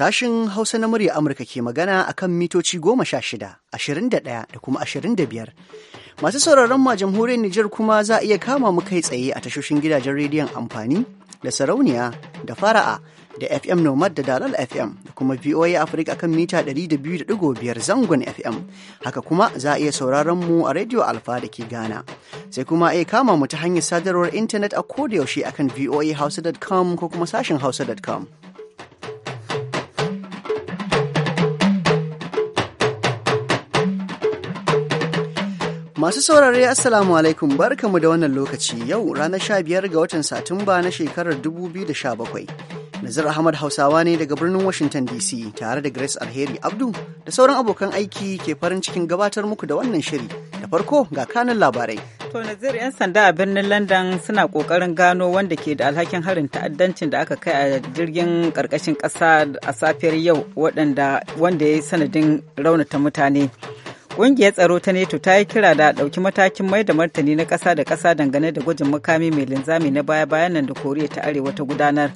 Sashin Hausa na murya Amurka ke magana a kan mitoci goma sha shida, ashirin da ɗaya da kuma ashirin da biyar. Masu sauraron ma jamhuriyar Nijar kuma za a iya kama mu kai tsaye a tashoshin gidajen rediyon amfani da sarauniya da fara'a da FM Nomad da Dalal FM da kuma VOA Africa kan mita ɗari da da biyu biyar zangon FM. Haka kuma za a iya sauraron mu a rediyo Alfa da ke Ghana. Sai kuma a iya kama mu ta hanyar sadarwar intanet a kodayaushe akan voahausa.com ko kuma sashin hausa.com. Masu saurare Assalamu alaikum barkamu da wannan lokaci yau ranar 15 ga watan Satumba na shekarar 2017. nazar Ahmad Hausawa ne daga birnin Washington DC tare da Grace Alheri Abdu da sauran abokan aiki ke farin cikin gabatar muku da wannan shiri. Da farko ga kanin labarai. To Nazir 'yan sanda a birnin London suna kokarin gano wanda ke da alhakin harin ta'addancin da aka kai a jirgin karkashin kasa a safiyar yau wanda ya yi sanadin raunata mutane. Ƙungiyar tsaro ta NATO ta yi kira da ɗauki matakin mai da martani na ƙasa da ƙasa dangane da gwajin makami mai linzami na baya-bayan nan da Koriya ta Arewa ta gudanar.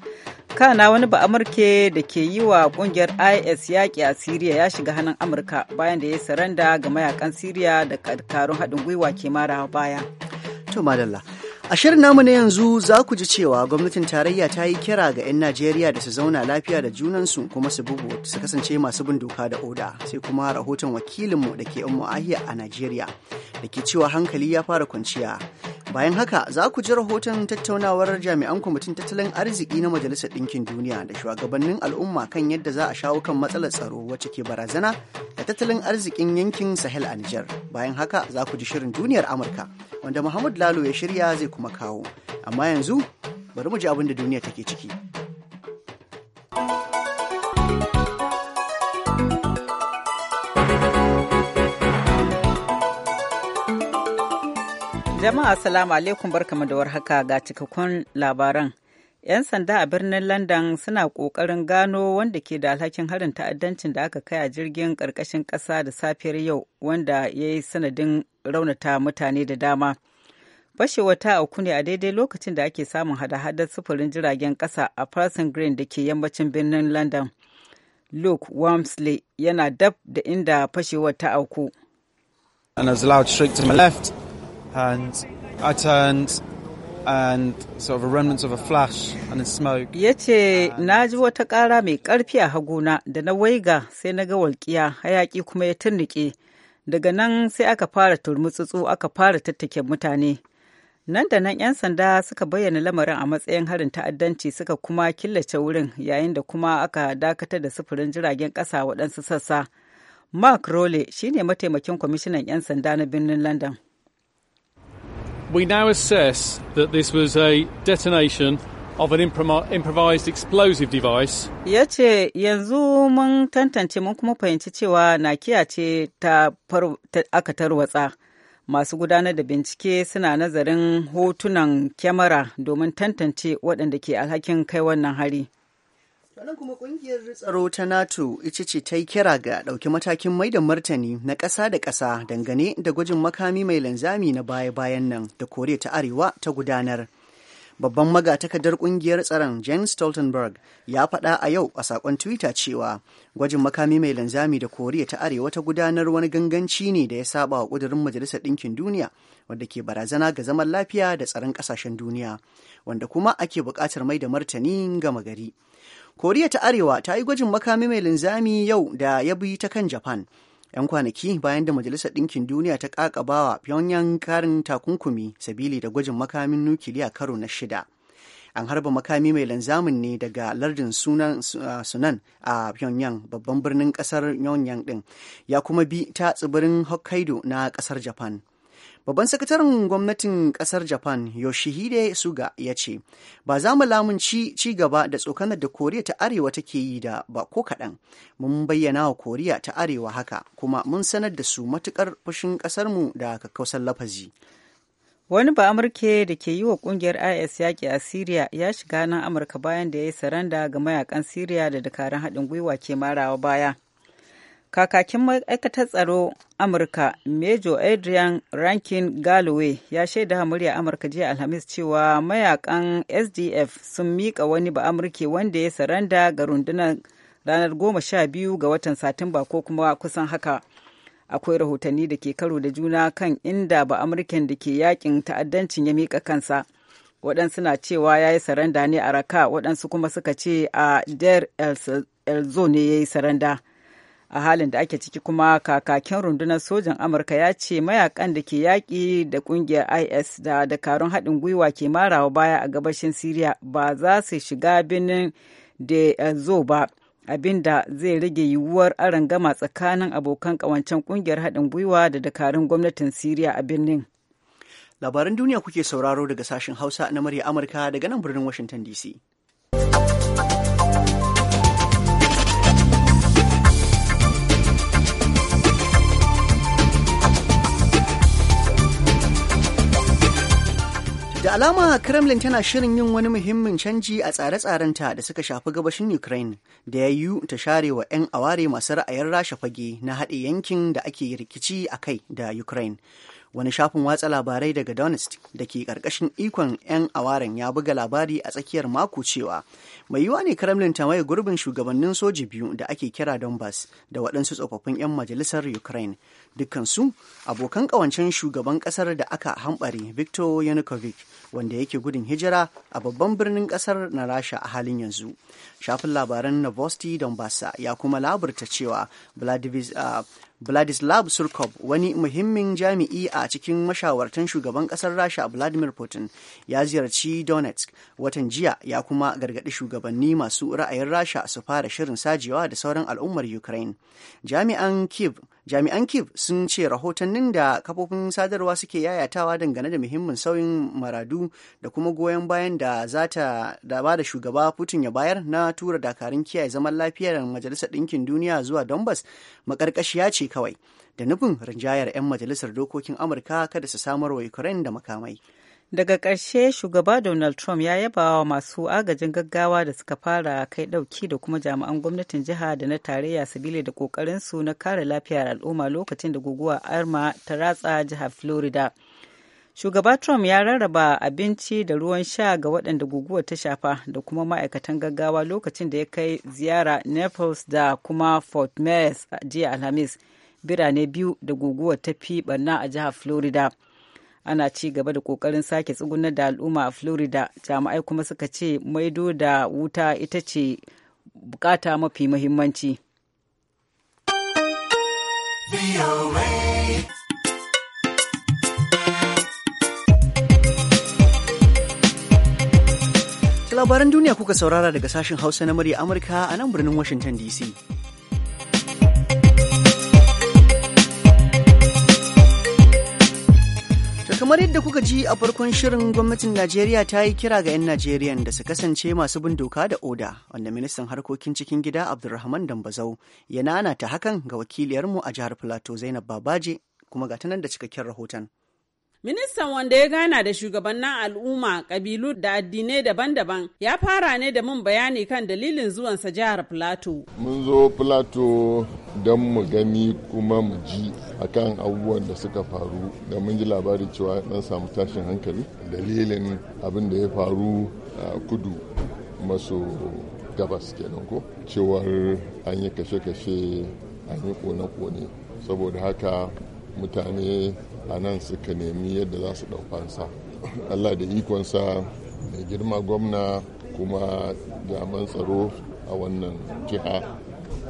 Kana wani ba Amurke da ke yi wa ƙungiyar IS yaƙi a Siriya ya shiga hannun Amurka bayan da ya saranda ga mayakan Siriya da karun haɗin gwiwa ke mara baya. To madalla. A shirin namu na yanzu za ku ji cewa gwamnatin tarayya ta yi kira ga 'yan Najeriya da su zauna lafiya da junansu kuma su bugu su kasance masu bin doka da oda sai kuma rahoton wakilinmu da ke 'yan a Najeriya da ke cewa hankali ya fara kwanciya Bayan haka za ku ji rahoton tattaunawar jami'an kwamitin tattalin arziki na Majalisar Ɗinkin Duniya da shugabannin al'umma kan yadda za a shawo kan matsalar tsaro wacce ke barazana da tattalin arzikin yankin Sahel a Nijar. Bayan haka za ku ji shirin duniyar Amurka wanda Muhammad Lalo ya shirya zai kuma kawo. Amma yanzu bari mu ji abin da duniya take ciki. Jama'a assalamu alaikum barkamu da warhaka ga cikakkun labaran. 'Yan sanda a birnin London suna kokarin gano wanda ke da alhakin harin ta'addancin da aka kai a jirgin karkashin kasa da safiyar yau wanda ya yi sanadin raunata mutane da dama. Fashewa ta auku ne a daidai lokacin da ake samun hada-hadar sufurin jiragen kasa a Parson Green da ke yammacin birnin London. Luke Wamsley yana dab da inda fashewar ta auku. and I Ya na ji wata ƙara mai ƙarfi a haguna da na waiga sai na ga walƙiya hayaƙi kuma ya tunnuƙe. Daga nan sai aka fara turmutsutsu aka fara tattake mutane. Nan da nan 'yan sanda suka bayyana lamarin a matsayin harin ta'addanci suka kuma killace wurin yayin da kuma aka dakatar da sufurin jiragen ƙasa waɗansu sassa. Mark Rowley shine mataimakin kwamishinan 'yan sanda na birnin London. We now assess that this was a detonation of an improvised explosive device. Ya ce yanzu mun tantance mun kuma fahimci cewa nakiya ce ta aka tarwatsa. Masu gudanar da bincike suna nazarin hotunan kyamara domin tantance waɗanda ke alhakin kai wannan hari. Sannan kuma kungiyar tsaro ta nato ita ce ta yi kira ga ɗauki matakin mai da martani na ƙasa da ƙasa dangane da gwajin makami mai linzami na baya-bayan nan da koriya ta arewa ta gudanar babban magatakardar kungiyar tsaron Jens Stoltenberg ya faɗa a yau a sakon Twitter cewa gwajin makami mai linzami da Koriya ta Arewa ta gudanar wani ganganci ne da ya saba wa ƙudurin Majalisar Ɗinkin Duniya wanda ke barazana ga zaman lafiya da tsaron ƙasashen duniya wanda kuma ake buƙatar mai da martani gama gari. koriya ta arewa ta yi gwajin makami mai linzami yau da ya bi ta kan japan 'yan kwanaki bayan da majalisar ɗinkin duniya ta ƙaƙabawa pyongyang karin takunkumi sabili da gwajin makamin nukiliya karo na shida an harba makami mai linzamin ne daga lardin sunan uh, sunan a pyongyang babban birnin ƙasar pyongyang ɗin ya kuma bi ta tsibirin hokkaido na ƙasar japan Babban sakataren gwamnatin kasar Japan Yoshihide Suga ya ce, Ba za mu lamunci ci gaba da tsokanar da Koriya ta Arewa take yi da ba ko kaɗan. Mun bayyana wa Koriya ta Arewa haka, kuma mun sanar da su matuƙar fushin ƙasarmu da kakkausar lafazi. Wani ba Amurke da ke yi wa kungiyar IS yaƙi a Siriya ya shiga nan Amurka bayan da ya yi saranda ga mayakan Siriya da dakarun haɗin gwiwa ke marawa baya. Kakakin ma'aikatar tsaro Amurka, Major Adrian Rankin Galloway ya shaida murya Amurka jiya Alhamis cewa mayakan SDF sun miƙa wani ba'amurke wanda ya saranda ga rundunar ranar goma sha biyu ga watan Satumba ko kuma kusan haka. Akwai rahotanni da ke karo da juna kan inda ba'amurken da ke yakin ta'addancin ya miƙa kansa. waɗansu na cewa ya yi saranda ne a raka waɗansu kuma suka ce a der elzo ne ya yi saranda a halin da ake ciki kuma kakakin rundunar sojan amurka ya ce mayakan da ke yaƙi da ƙungiyar is da dakarun haɗin gwiwa ke marawa baya a gabashin syria ba za su shiga birnin da zo ba abin da zai rage yiwuwar arangama tsakanin abokan ƙawancen ƙungiyar haɗin gwiwa da dakarun gwamnatin syria a birnin labaran duniya kuke sauraro daga sashen hausa na murya amurka daga nan birnin washington dc alama Kremlin tana shirin yin wani muhimmin canji a tsare-tsarenta da suka shafi gabashin Ukraine da ya yiwu ta share wa 'yan aware masu ra'ayin rasha fage na haɗe yankin da ake rikici a kai da Ukraine. Wani shafin watsa labarai daga Donetsk da ke ƙarƙashin ikon 'yan awaren ya buga labari a tsakiyar mako cewa mai yiwa ne Kremlin ta maye gurbin shugabannin soji biyu da ake kira Donbass da waɗansu tsofaffin 'yan majalisar Ukraine. dukkansu abokan ƙawancen shugaban ƙasar da aka hambare victor yanukovic wanda yake gudun hijira a babban birnin ƙasar na rasha a halin yanzu shafin labaran novosti donbasa ya kuma laburta cewa vladislav surkov wani muhimmin jami'i a cikin mashawartan shugaban ƙasar rasha vladimir putin ya ziyarci donetsk watan jiya ya kuma gargaɗi shugabanni masu ra'ayin rasha su fara shirin sajewa da sauran al'ummar ukraine jami'an kiev jami'an kif sun ce rahotannin da kafofin sadarwa suke yayatawa dangane da muhimmin sauyin maradu da kuma goyon bayan da za ta da ba da shugaba putin ya bayar na tura dakarun kiyaye zaman lafiyar majalisar ɗinkin duniya zuwa donbas makarkashiya ce kawai da nufin rinjayar 'yan majalisar dokokin amurka kada su samar wa ukraine da makamai daga ƙarshe shugaba donald trump ya yaba wa masu agajin gaggawa da suka fara kai ɗauki da kuma jami'an gwamnatin jiha da na tarayya sabili da su na kare lafiyar al'umma lokacin da guguwa arma ta ratsa jihar florida shugaba trump ya rarraba abinci da ruwan sha ga waɗanda guguwa ta shafa da kuma ma'aikatan gaggawa lokacin da ya kai ziyara naples da kuma fort myers jiya alhamis birane biyu da guguwa ta fi barna a jihar florida ana ci gaba da kokarin sake tsugunar da al'umma a florida jami'ai kuma suka ce maido da wuta ita ce bukata mafi muhimmanci labaran duniya kuka saurara daga sashen hausa na murya amurka a nan birnin washington dc kamar yadda kuka ji a farkon shirin gwamnatin najeriya ta yi kira ga 'yan najeriya da su kasance masu bin doka da oda wanda ministan harkokin cikin gida abdulrahman dambazau ya nana ta hakan ga wakiliyarmu a jihar plateau zainab babaje kuma ga tanan da cikakken rahoton Ministan wanda ya gana da shugabannin al'umma, kabilu da addinai daban-daban ya fara ne da mun bayani kan dalilin zuwansa jihar filato Mun zo filato don mu gani kuma mu ji akan abubuwan da suka faru da mun ji labari cewa dan samu tashin hankali dalilin abin da ya faru a kudu maso gabas kenan ko cewar an yi kashe-kashe an yi kone-kone saboda haka mutane a nan suka nemi yadda za su ɗaukansa allah da ikonsa mai girma gwamna kuma jaman tsaro a wannan jiha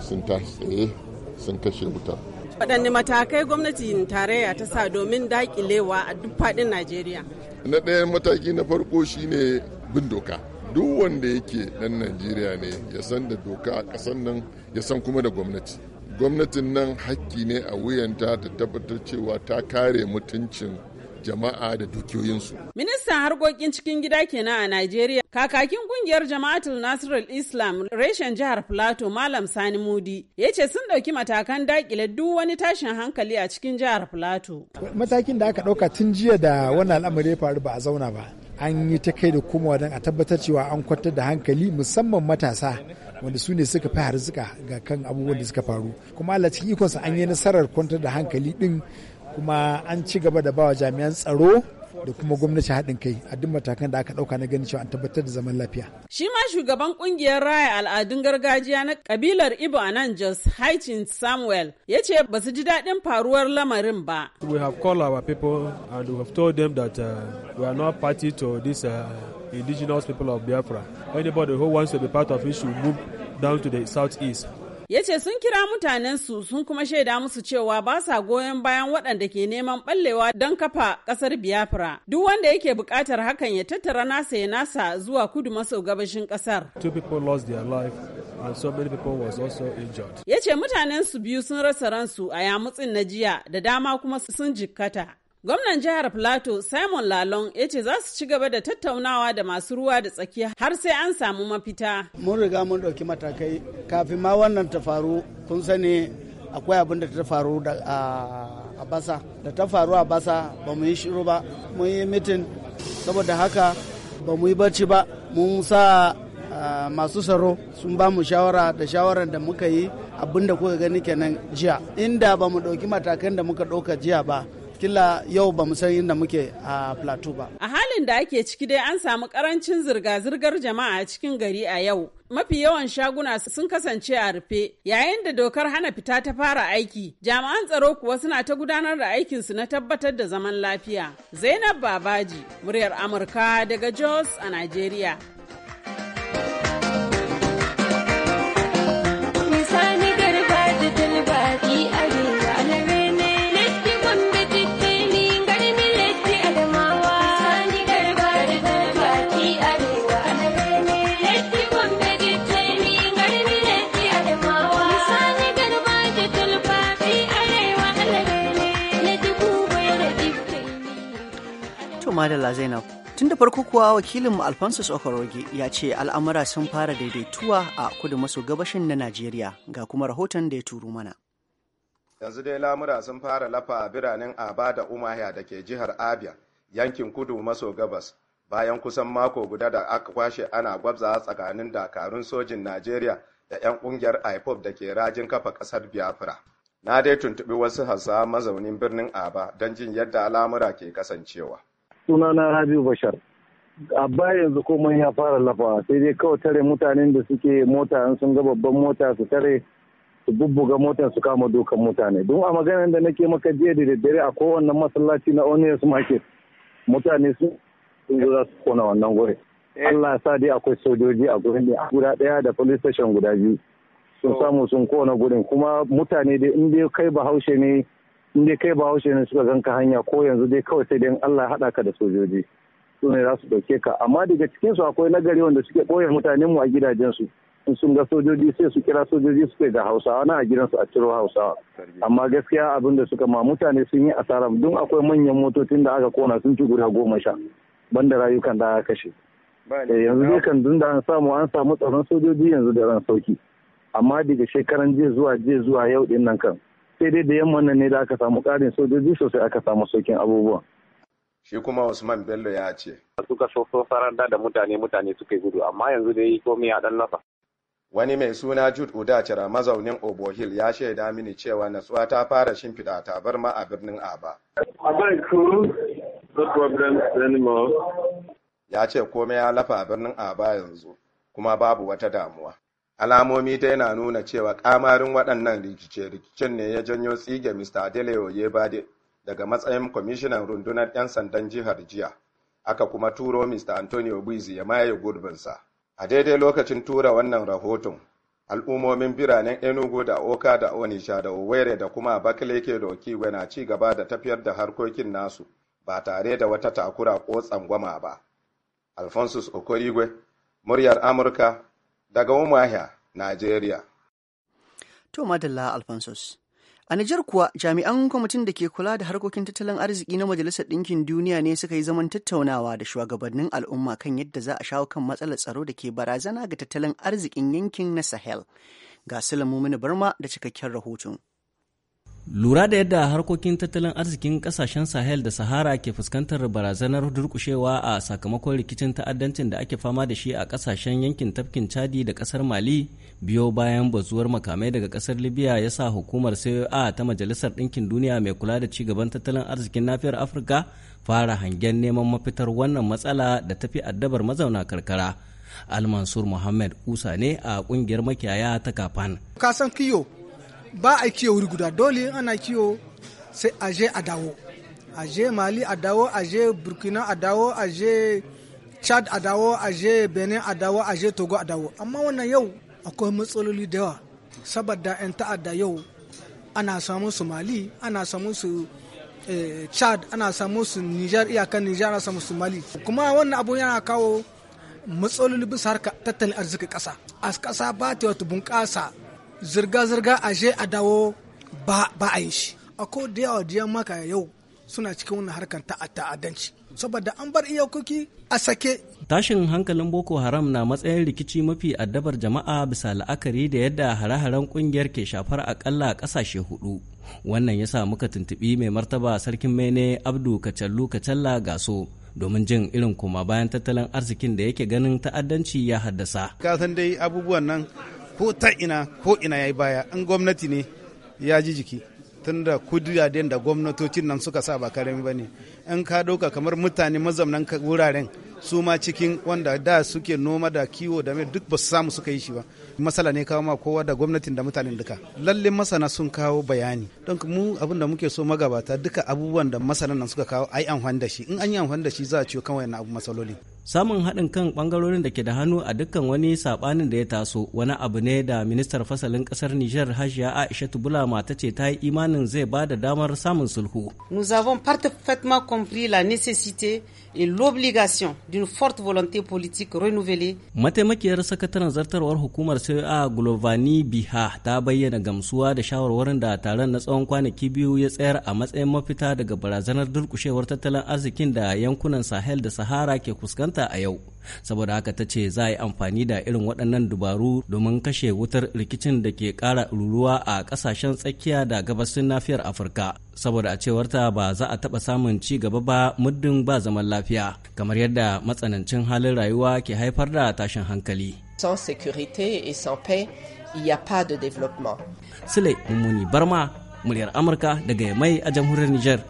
sun tashi tsaye sun kashe wutar waɗanne matakai gwamnatin tarayya ta sa domin daƙilewa a duk faɗin najeriya na ɗayan mataki na farko shine bin doka duk wanda yake ɗan najeriya ne ya san da doka a ƙasar nan ya san kuma da gwamnati gwamnatin nan hakki ne a wuyanta ta tabbatar cewa ta kare mutuncin jama'a da dukiyoyinsu. Ministan harkokin cikin gida kenan a Najeriya, kakakin kungiyar jama'atul Nasrul Islam reshen jihar Plateau Malam Sani Mudi ya ce sun ɗauki matakan dakile duk wani tashin hankali a cikin jihar Plateau. Matakin da aka ɗauka tun jiya da wannan al'amari ya faru ba a zauna ba. An yi ta kai da kuma don a tabbatar cewa an kwantar da hankali musamman matasa wanda su ne suka fi harzuka ga kan abubuwan da suka faru kuma Allah cikin ikonsa an yi nasarar kwantar da hankali din kuma an ci gaba da bawa jami'an tsaro da kuma gwamnati haɗin kai a duk matakan da aka ɗauka na ganin cewa an tabbatar da zaman lafiya. Shi ma shugaban ƙungiyar raya al'adun gargajiya na kabilar Ibo a nan Jos Haichin Samuel ya ce ba su ji daɗin faruwar lamarin ba. We have called our people and we have told them that uh, we are not party to this uh, indigenous people of Biafra. Anybody who wants to be part of it should move down to the southeast. ya ce sun kira mutanensu sun kuma shaida musu cewa ba sa goyon bayan waɗanda ke neman ɓallewa don kafa ƙasar biafra duk wanda yake buƙatar hakan ya tattara nasa ya nasa zuwa kudu maso gabashin ƙasar ya ce mutanensu biyu sun rasa ransu a yamutsin na jiya da dama kuma sun jikkata Gwamnan jihar Plateau Simon Lalong ya ce za su ci gaba da tattaunawa da masu ruwa da tsakiya har sai an samu mafita. Mun riga mun ɗauki matakai kafin ma wannan ta faru kun sani akwai abin da ta faru a basa da ta faru a basa ba mu yi shiru ba mun yi mitin saboda haka ba mu yi bacci ba mun sa masu tsaro sun ba mu shawara da shawarar da muka yi abin da kuka gani kenan jiya inda ba mu ɗauki matakan da muka ɗauka jiya ba kila yau ba san inda muke a plateau ba. A halin da ake ciki dai an samu karancin zirga-zirgar jama'a a cikin gari a yau. Mafi yawan shaguna sun kasance a rufe yayin da dokar hana fita ta fara aiki. Jami'an tsaro kuwa suna ta gudanar da aikinsu na tabbatar da zaman lafiya. Zainab Babaji, muryar Amurka daga Jos a Najeriya. Sani garba da a Madalla Zainab. Tun da farko kuwa wakilinmu Alphonsus Okorogi ya ce al'amura sun fara daidaituwa a kudu maso gabashin na Najeriya ga kuma rahoton da ya turu mana. Yanzu dai lamura sun fara lafa a biranen Aba da Umahya da ke jihar Abia yankin kudu maso gabas bayan kusan mako guda da aka kwashe ana gwabza tsakanin dakarun sojin Najeriya da 'yan kungiyar IPOP da ke rajin kafa ƙasar Biafra. Na dai tuntuɓi wasu hasa mazaunin birnin Aba don jin yadda al'amura ke kasancewa. sunana rabiu bashar a baya yanzu komai ya fara lafa sai dai kawai tare mutanen da suke mota in sun ga babban mota su tare su bubbuga motar su kama dukan mutane don a maganar da nake maka jiya da daddare a kowanne masallaci na onius market mutane su sun zo za su kona wannan gurin eh. Allah ya sa dai akwai sojoji a gurin ne guda daya da police station guda biyu sun samu sun kona gurin kuma mutane dai in dai kai bahaushe ne in dai kai ba haushe ne suka ganka hanya ko yanzu dai kawai sai dai Allah haɗa ka da sojoji su ne za su ɗauke ka amma daga cikin su akwai nagari wanda suke ɓoye mutanen mu a gidajen su in sun ga sojoji sai su kira sojoji suke ga hausawa na a gidansu a ciro hausawa amma gaskiya abin da suka ma mutane sun yi asara don akwai manyan motocin da aka kona sun ci guda goma sha banda rayukan da aka kashe eh, yanzu dai kan dun da an samu an samu tsaron sojoji yanzu da ran sauki amma daga shekaran jiya zuwa jiya zuwa yau din nan kan sai dai da yamma nan ne da aka samu ƙarin sojoji sosai aka samu saukin abubuwan. Shi kuma Usman Bello ya ce. Suka so so faranda da mutane mutane suka gudu amma yanzu yi komai a ɗan lafa. Wani mai suna Jude Udachara mazaunin Obo Hill, ya shaida mini cewa natsuwa ta fara shimfiɗa ma a birnin Aba. Ya ce komai ya lafa a birnin Aba yanzu kuma babu wata damuwa. Alamomi ta na nuna cewa kamarin waɗannan rikice-rikicen ne ya janyo tsige Mr. Adele Yebade, daga matsayin kwamishinan rundunar 'yan sandan jihar jiya, aka kuma turo Mr. Antonio Buizi ya maye gurbinsa. A daidai lokacin tura wannan rahoton, al'ummomin biranen Enugu da Oka da Onisha da owere da kuma bakile da Okiwe na ci gaba da tafiyar da harkokin nasu ba tare da wata takura ko tsangwama ba. Alphonsus Okorigwe, muryar Amurka daga Umahia, Najeriya. To madalla Alphonsus. A Nijar kuwa jami'an kwamitin da ke kula da harkokin tattalin arziki na Majalisar Ɗinkin Duniya ne suka yi zaman tattaunawa da shugabannin al'umma kan yadda za a shawo kan matsalar tsaro da ke barazana ga tattalin arzikin yankin na Sahel. Ga Sulamu Barma da cikakken rahoton. lura da yadda harkokin tattalin arzikin kasashen sahel da sahara ke fuskantar barazanar durkushewa a sakamakon rikicin ta'addancin da ake fama da shi a kasashen yankin tafkin chadi da kasar mali biyo bayan bazuwar makamai daga kasar libya ya sa hukumar coa ta majalisar ɗinkin duniya mai kula da cigaban tattalin arzikin nafiyar afirka fara hangen neman mafitar wannan matsala da tafi addabar mazauna karkara almansur muhammad usa ne a kungiyar makiyaya ta kafan ba a kiyo wuri guda dole ana kiyo sai a je a dawo a je mali a dawo a je burkina a dawo a je chad a dawo a je benin a dawo a je togo a dawo amma wannan yau akwai matsaloli da yawa saboda 'yan ta'adda yau ana samun su mali ana samun su eh, chad ana samun su Niger iyakan Niger ana samun su mali kuma wannan abu yana kawo matsaloli bisa harka tattalin arziki kasa a kasa ba ta wata bunƙasa zirga-zirga a je a dawo ba a yi shi akwai da yawa da maka yau suna cikin wani harkar ta'addanci saboda an bar iyakoki a sake tashin hankalin boko haram na matsayin rikici mafi addabar jama'a bisa la'akari da yadda hare-haren kungiyar ke shafar akalla kasashe hudu wannan yasa muka tuntubi mai martaba sarkin mene abdu kacallu kacalla gaso domin jin irin kuma bayan tattalin arzikin da yake ganin ta'addanci ya haddasa kasan dai abubuwan nan ko ta ina ko ina ya yi baya in gwamnati ne ya ji jiki tunda kudaden da gwamnatocin nan suka sa ba karami ba ne in ka ɗauka kamar mutane mazaunan wuraren su ma cikin wanda da suke noma da kiwo da mai duk ba su samu suka yi shi ba masala ne kawo ma kowa da gwamnatin da mutanen duka lalle masana sun kawo bayani don mu abin da muke so magabata duka abubuwan da masana nan suka kawo ai amfani da shi in an yi amfani da shi za a ciwo kan wayannan abu matsaloli samun haɗin kan ɓangarorin da ke da hannu a dukkan wani saɓanin da ya taso wani abu ne da ministar fasalin ƙasar nijar hajiya aisha tubula mata ce ta yi imanin zai ba da damar samun sulhu nous avons parfaitement compris la nécessité et l'obligation d'une forte volonté politique renouvelée. Mataimakiyar sakataren zartarwar hukumar a Glovani Biha ta bayyana gamsuwa da shawarwarin da taron na tsawon kwanaki biyu ya tsayar a matsayin mafita daga barazanar durkushewar tattalin arzikin da yankunan Sahel da Sahara ke fuskanta a yau. Saboda haka ta ce za a yi amfani da irin waɗannan dubaru domin kashe wutar rikicin da ke ƙara ruruwa a ƙasashen tsakiya da gabasin nafiyar Afirka. saboda a cewarta ba za a taɓa samun ci gaba ba muddin ba zaman lafiya kamar yadda matsanancin halin rayuwa ke haifar da tashin hankali. Sans sécurité et sans paix, il n'y a pas de développement. Sule Mummuni Barma, muryar Amurka daga Yamai a jamhuriyar Nijar.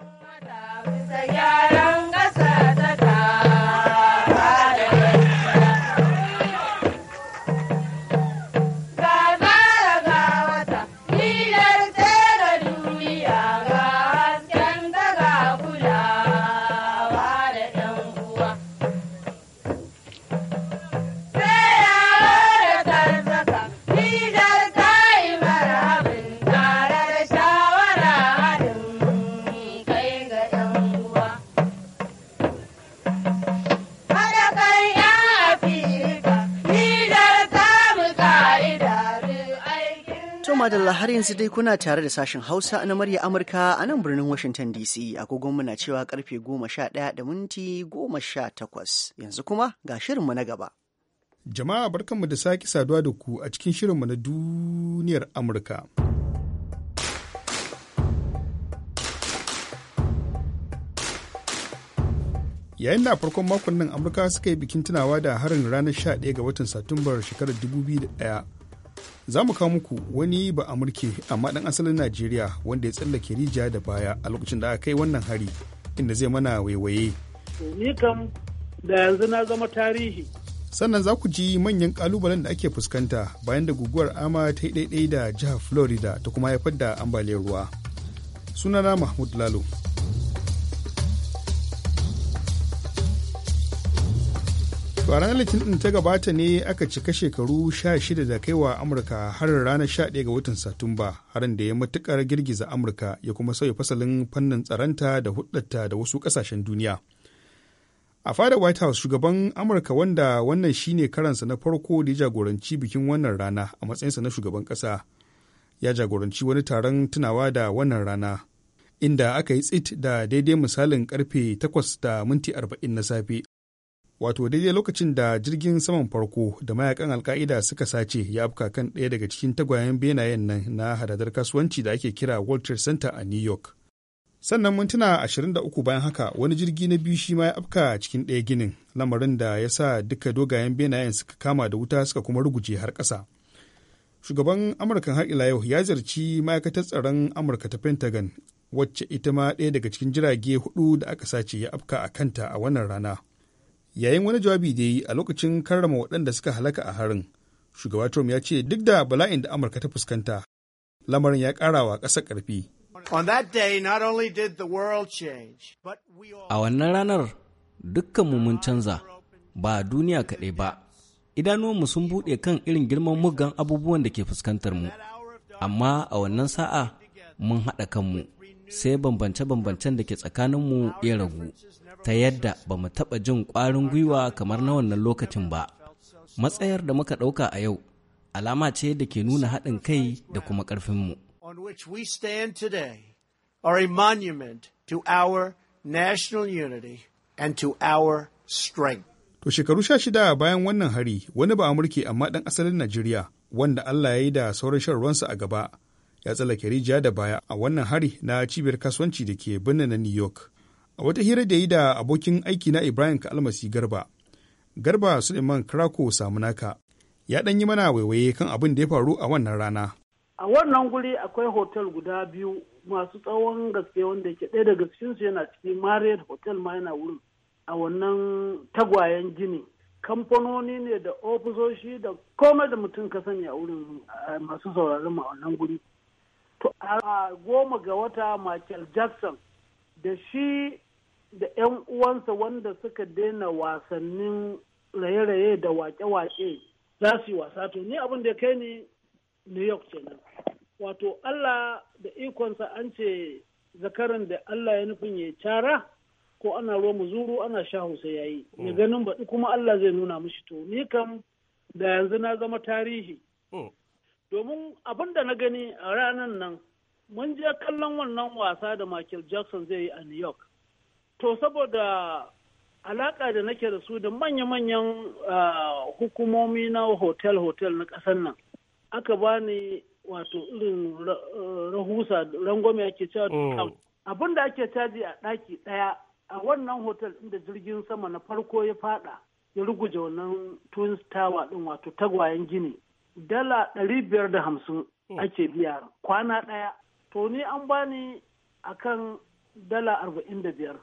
yanzu dai kuna tare da sashen Hausa na murya Amurka a nan birnin Washington DC agogonmu na cewa karfe goma sha ɗaya da minti goma sha takwas. Yanzu kuma ga shirinmu na gaba. Jama'a barkanmu da sake saduwa da ku a cikin shirinmu na duniyar Amurka. yayin da farkon makon nan amurka suka yi bikin tunawa da harin ranar 11 ga watan satumbar shekarar 2001 za mu kawo muku wani ba amurke amma dan asalin najeriya wanda ya tsallake rijiya da baya a lokacin da aka kai wannan hari inda zai mana waiwaye ni kam da yanzu na zama tarihi sannan za ku ji manyan kalubalen da ake fuskanta bayan da guguwar ama ta ɗaiɗai da jihar florida ta kuma haifar da ambaliyar ruwa sunana mahmud lalo to a ranar litinin ta gabata ne aka cika shekaru shida da kaiwa amurka har ranar 11 ga watan satumba harin da ya matukar girgiza amurka ya kuma sauya fasalin fannin tsaranta da hudatta da wasu ƙasashen duniya a fadar white house shugaban amurka wanda wannan shine karansa na farko da ya jagoranci bikin wannan rana a matsayinsa na shugaban kasa ya jagoranci wani taron tunawa da wannan rana inda aka yi tsit da daidai misalin karfe takwas da minti arba'in na safe wato daidai lokacin da jirgin saman farko da mayakan alka'ida suka sace ya afka kan ɗaya daga cikin tagwayen benayen nan na hadadar kasuwanci da ake kira world trade center a new york sannan mintuna 23 bayan haka wani jirgi na biyu shi ma ya afka cikin ɗaya ginin lamarin da ya sa duka dogayen benayen suka kama da wuta suka kuma ruguje har ƙasa shugaban amurka har ila yau ya zarci ma'aikatar tsaron amurka ta pentagon wacce ita ma ɗaya daga cikin jirage hudu da aka sace ya afka a kanta a wannan rana yayin wani jawabi da yi a lokacin karrama waɗanda suka halaka a harin shugaba trump ya ce duk da bala'in da amurka ta fuskanta lamarin ya karawa ƙasa ƙarfi a wannan ranar dukkanmu mun canza ba duniya kaɗai ba idanuwanmu sun buɗe kan irin girman muggan abubuwan da ke fuskantar mu amma a wannan sa'a mun haɗa kanmu sai bambance-bambancen da ke tsakaninmu ya ragu ta yadda ba mu taɓa jin ƙwarin gwiwa kamar na wannan lokacin ba. Matsayar da muka ɗauka a yau alama ce da ke nuna haɗin kai da kuma ƙarfinmu. to shekaru sha shida bayan wannan hari wani ba mulki amma ɗan asalin Najeriya wanda Allah ya yi da sauran shan ruwansa a gaba ya tsallake rijiya da baya a wannan hari na cibiyar kasuwanci da ke birnin na New York. a wata hira da yi da abokin aiki na ibrahim kalmasi garba garba suleiman krako samunaka ya dan yi mana waiwaye kan abin da ya faru a wannan rana a wannan guri akwai hotel guda biyu masu tsawon gaske wanda ke ɗaya daga cikinsu yana ciki marriott hotel ma yana wurin a wannan tagwayen gini kamfanoni ne da ofisoshi da komai da mutum ka sani a wurin masu sauraron a wannan guri to a goma ga wata michael jackson da shi da 'yan uwansa wanda suka daina wasannin raye-raye da wake-wake za su yi wasa to ni abin da kai ni new york ce nan wato allah da ikonsa an ce zakaran da allah ya nufin ya cara ko ana ruwa mu zuru ana sha hausa ya yi ya mm. ganin baɗi kuma allah zai nuna mushi to ni kam da yanzu na zama tarihi mm. domin abin da na gani a ranar nan mun je kallon wannan wasa da michael jackson zai yi a new york to saboda alaƙa da nake da su da manya-manyan hukumomi na hotel-hotel na ƙasar nan aka bani wato irin rahusa rangwame ake cewa oh. abin da ake caji a ɗaki ɗaya a wannan hotel inda jirgin sama na farko ya faɗa ya ruguje wannan twin tower ɗin wato tagwayen gini dala ɗari biyar da hamsin oh. ake biya kwana ɗaya to ni an bani akan dala arba'in da biyar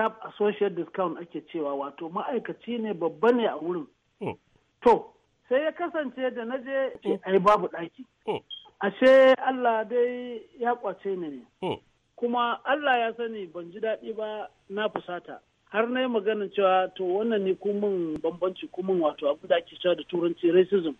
staff associate discount ake cewa wato ma'aikaci ne babba ne a wurin oh. to sai ya kasance da na je ce oh. ai babu ɗaki oh. ashe Allah dai ya kwace ni ne kuma Allah ya sani ban ji daɗi ba na fusata har na yi maganin cewa to wannan ne kumin bambanci kumin wato abu da ake cewa da turanci racism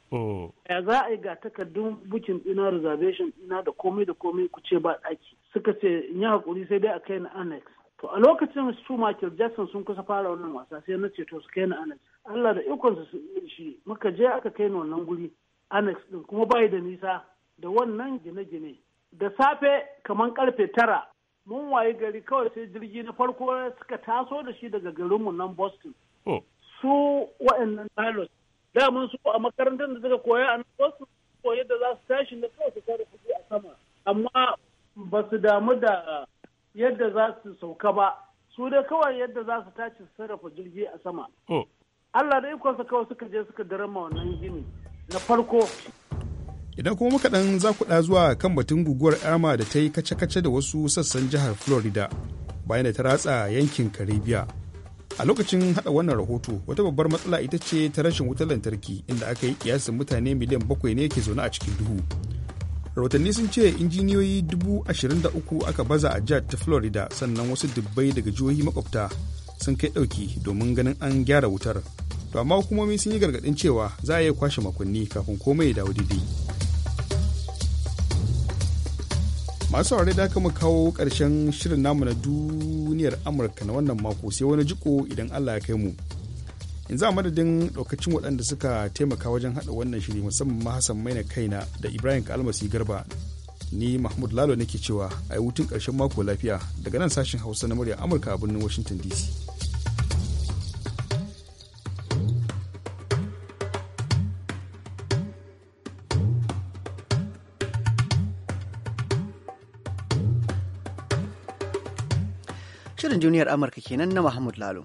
ya za a yi ga takardun bukin ina reservation ina da komai da komai ku ce ba ɗaki suka ce in yi hakuri sai dai a kai na annex to a lokacin su Michael Jackson sun kusa fara wannan wasa sai na ce to su kai ni Anex Allah da ikon su shi muka je aka kai ni wannan guri Anex din kuma bai da nisa da wannan gine-gine da safe kamar karfe tara mun waye gari kawai sai jirgi na farko suka taso da shi daga garinmu nan Boston oh. su wa'annan da daman su a makarantar da suka koya a nan Boston koyi da za su tashi na kawai su kare kuɗi a sama amma ba su damu da yadda za su sauka ba su dai kawai yadda za su tace su sarrafa jirgi a sama oh. Allah da ikonsa kawai suka je suka darama wannan gini na farko idan kuma muka dan za ku zuwa kan batun guguwar irma da ta yi kace-kace da wasu sassan jihar florida bayan da ta ratsa yankin caribbean a lokacin hada wannan rahoto wata babbar matsala ita ce ta rashin wutar lantarki inda aka yi kiyasin mutane miliyan bakwai ne ke zaune a cikin duhu rahotanni sun ce injiniyoyi dubu ashirin da uku aka baza a jihar ta florida sannan wasu dubbai daga jihohi makwabta sun kai ɗauki domin ganin an gyara wutar to amma hukumomi sun yi gargaɗin cewa za a iya kwashe makonni kafin komai ya dawo daidai masu aure da aka mu kawo ƙarshen shirin namu na duniyar amurka na wannan mako sai wani jiko idan allah ya kai mu za a madadin daukacin waɗanda suka taimaka wajen haɗa wannan shiri musamman ma hassan maina kaina da ibrahim kalmasi garba ni mahmud lalo nake cewa a yi hutun ƙarshen mako lafiya daga nan sashen hausa na murya amurka a birnin washington dc Shirin duniyar Amurka kenan na Mahmud Lalo.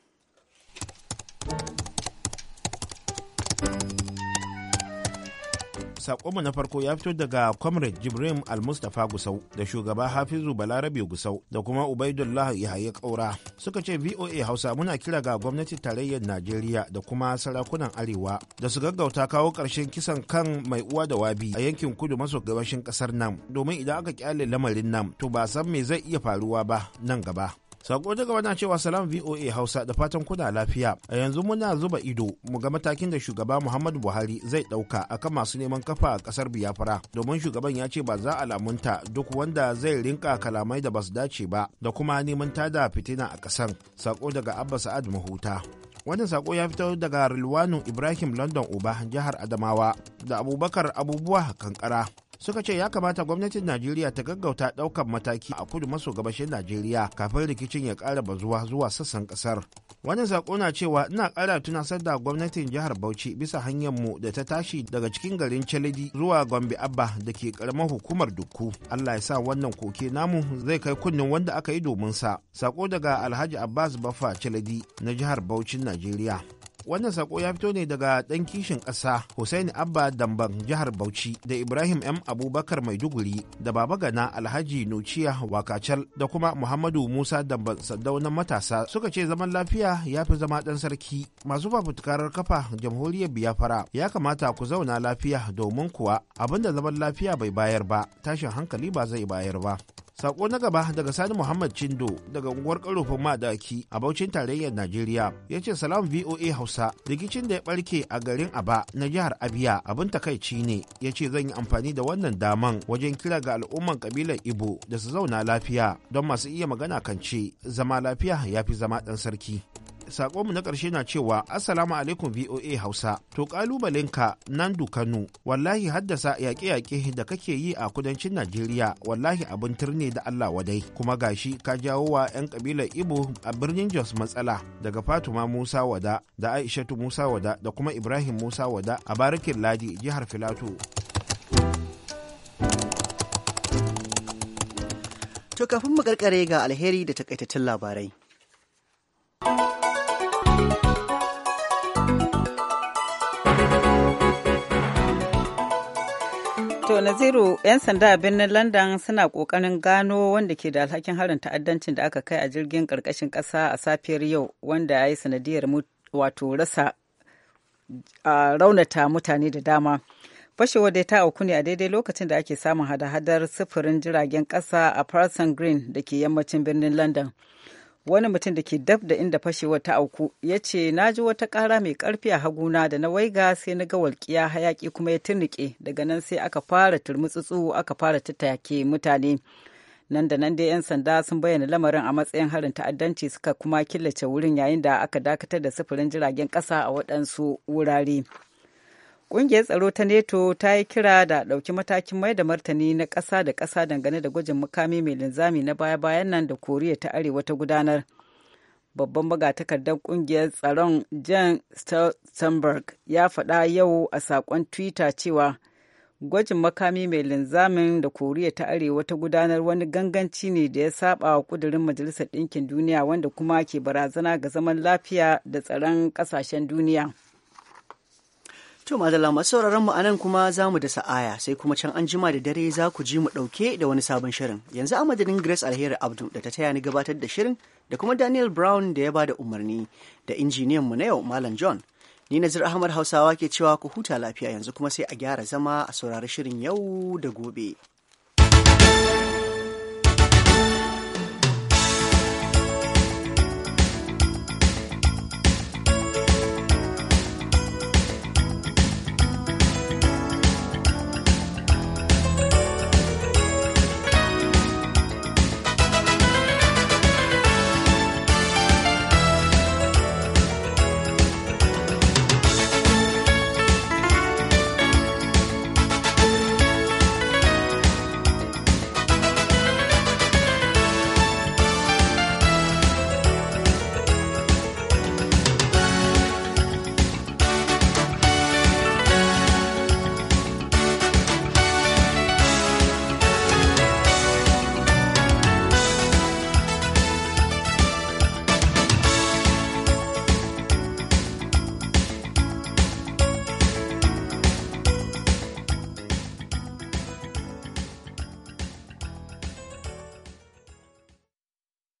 mu na farko ya fito daga comrade jibrim almustapha gusau da shugaba hafizu balarabe gusau da kuma ubaidullah yahaya kaura suka ce voa hausa muna kira ga gwamnati tarayyar najeriya da kuma sarakunan arewa da su gaggauta kawo ƙarshen kisan kan mai uwa da wabi a yankin kudu maso gabashin ƙasar nan domin idan aka kyale lamarin nan to ba san me zai iya faruwa ba nan gaba Sako daga wani cewa salam VOA Hausa da fatan kuna lafiya. A yanzu muna zuba ido mu ga matakin da shugaba Muhammadu Buhari zai ɗauka akan masu neman kafa a kasar Biafra. Domin shugaban ya ce ba za a lamunta duk wanda zai rinka kalamai da basu dace ba da kuma neman tada fitina a kasan Sako daga Abba Sa'ad Mahuta. wannan sako ya fito daga rilwanu ibrahim london uba jihar adamawa da abubakar abubuwa kankara suka ce ya kamata gwamnatin najeriya ta gaggauta daukan mataki a kudu maso gabashin najeriya kafin rikicin ya kara bazuwa zuwa sassan kasar. wani sako na cewa ina ƙara tunasar da gwamnatin jihar bauchi bisa hanyar mu da ta tashi daga cikin garin chaladi zuwa gombe abba da ke karamar hukumar dukku allah ya sa wannan koke namu zai kai kunnen wanda aka yi domin sa sako daga alhaji abbas baffa chaladi na jihar bauchin najeriya wannan sako ya fito ne daga ɗan kishin ƙasa hussain abba damban jihar bauchi da ibrahim m abubakar maiduguri da baba gana alhaji nuciya wakacal da kuma muhammadu musa damban saddaunan matasa suka ce zaman lafiya ya fi zama ɗan sarki masu fafutukarar kafa jamhuriyar biyafara ya kamata ku zauna lafiya domin kuwa abinda zaman lafiya bai bayar ba tashin hankali ba zai bayar ba Sako na gaba daga Sani Muhammad Chindo daga unguwar karofin madaki a Bauchin tarayyar Najeriya ya ce salam VOA Hausa rikicin da ya barke a garin Aba na jihar Abia abin takaici ne ya ce zan yi amfani da wannan daman wajen kira ga al'umman kabilar Ibo da su zauna lafiya don masu iya magana kan ce zama lafiya ya fi zama ɗan sarki. mu na ƙarshe na cewa Assalamu alaikum VOA Hausa. To ƙalubalenka Nandu Kano wallahi haddasa yaƙe-yaƙe da kake yi a kudancin Najeriya wallahi abin turne da Allah wadai kuma gashi ka jawo wa 'yan kabilar Ibo a birnin Jos matsala daga fatima Musa Wada da Aishatu Musa Wada da kuma Ibrahim Musa Wada a Barikin Ladi jihar Filato. To kafin mu karkare ga alheri da takaitattun labarai. To Naziru 'yan sanda a birnin London suna kokarin gano wanda ke da alhakin harin ta'addancin da aka kai a jirgin karkashin kasa a safiyar yau wanda ya yi sanadiyar wato rasa a raunata mutane da dama. Fashewa dai ta auku ne a daidai lokacin da ake samun hada-hadar sufurin jiragen kasa a Parson Green da ke yammacin birnin London. wani mutum da ke dab da inda fashewar ta auku ya ce na ji wata kara mai karfi a haguna da na waiga sai na ga walƙiya hayaƙi kuma ya turnike daga nan sai aka fara turmutsutsu aka fara tattake mutane nan da nan dai 'yan sanda sun bayyana lamarin a matsayin harin ta'addanci suka kuma killace wurin yayin da aka dakatar da sufurin jiragen ƙasa a waɗansu wurare. Ƙungiyar tsaro ta NATO ta yi kira da ɗauki matakin mai da martani na ƙasa da ƙasa dangane da gwajin mukami mai linzami na baya-bayan nan da Koriya ta Arewa ta gudanar. Babban magatakardar ƙungiyar tsaron Jan Stoltenberg ya faɗa yau a saƙon Twitter cewa gwajin makami mai linzamin da Koriya ta Arewa ta gudanar wani ganganci ne da ya saba wa ƙudurin Majalisar Ɗinkin Duniya wanda kuma ke barazana ga zaman lafiya da tsaron ƙasashen duniya. To madalla masu sauraron mu anan kuma za mu da sa'aya sai kuma can an jima da dare za ku ji mu ɗauke da wani sabon shirin. Yanzu a madadin Grace Alheri Abdu da ta taya ni gabatar da shirin da kuma Daniel Brown da ya bada umarni da injiniyan mu na yau Malam John. Ni Nazir Ahmad Hausawa ke cewa ku huta lafiya yanzu kuma sai a gyara zama a saurari shirin yau da gobe.